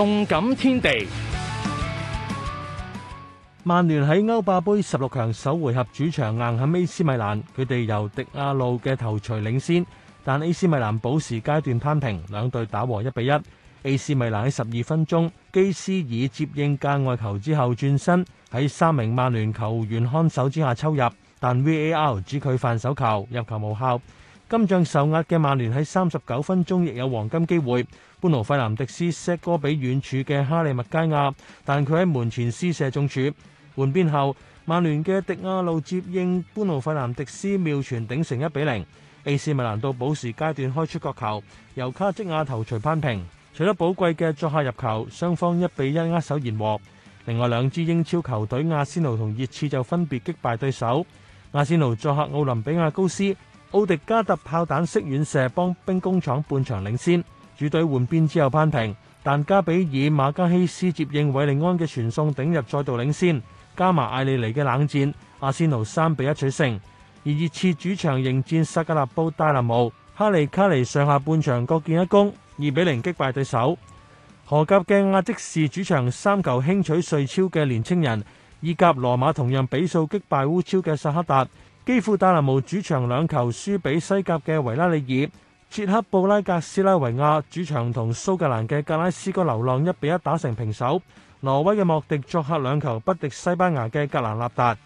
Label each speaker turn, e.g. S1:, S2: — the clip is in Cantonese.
S1: 動感天地，曼聯喺歐霸杯十六強首回合主場硬撼 AC 米蘭，佢哋由迪亞路嘅頭槌領先，但 AC 米蘭補時階段攤平，兩隊打和一比一。AC 米蘭喺十二分鐘基斯爾接應界外球之後轉身喺三名曼聯球員看守之下抽入，但 VAR 指佢犯手球入球無效。今仗受壓嘅曼聯喺三十九分鐘亦有黃金機會，般奴費南迪斯射哥比遠處嘅哈利麥佳亞，但佢喺門前施射中柱。換邊後，曼聯嘅迪亞路接應般奴費南迪斯妙傳頂成一比零。AC 米蘭到補時階段開出角球，由卡積亞頭錘扳平，除咗寶貴嘅作客入球，雙方一比一握手言和。另外兩支英超球隊阿仙奴同熱刺就分別擊敗對手，阿仙奴作客奧林比亞高斯。奧迪加特炮彈式遠射幫兵工廠半場領先，主隊換邊之後扳平，但加比爾馬加希斯接應韋利安嘅傳送頂入再度領先，加埋艾利尼嘅冷戰，阿仙奴三比一取勝。而熱刺主場迎戰薩格勒布戴拿模，哈利卡尼上下半場各建一功，二比零擊敗對手。荷甲嘅亞積士主場三球輕取瑞超嘅年青人，意甲羅馬同樣比數擊敗烏超嘅薩克達。基輔戴拿模主場兩球輸俾西甲嘅維拉利爾，捷克布拉格斯拉維亞主場同蘇格蘭嘅格拉斯哥流浪一比一打成平手，挪威嘅莫迪作客兩球不敵西班牙嘅格蘭納達。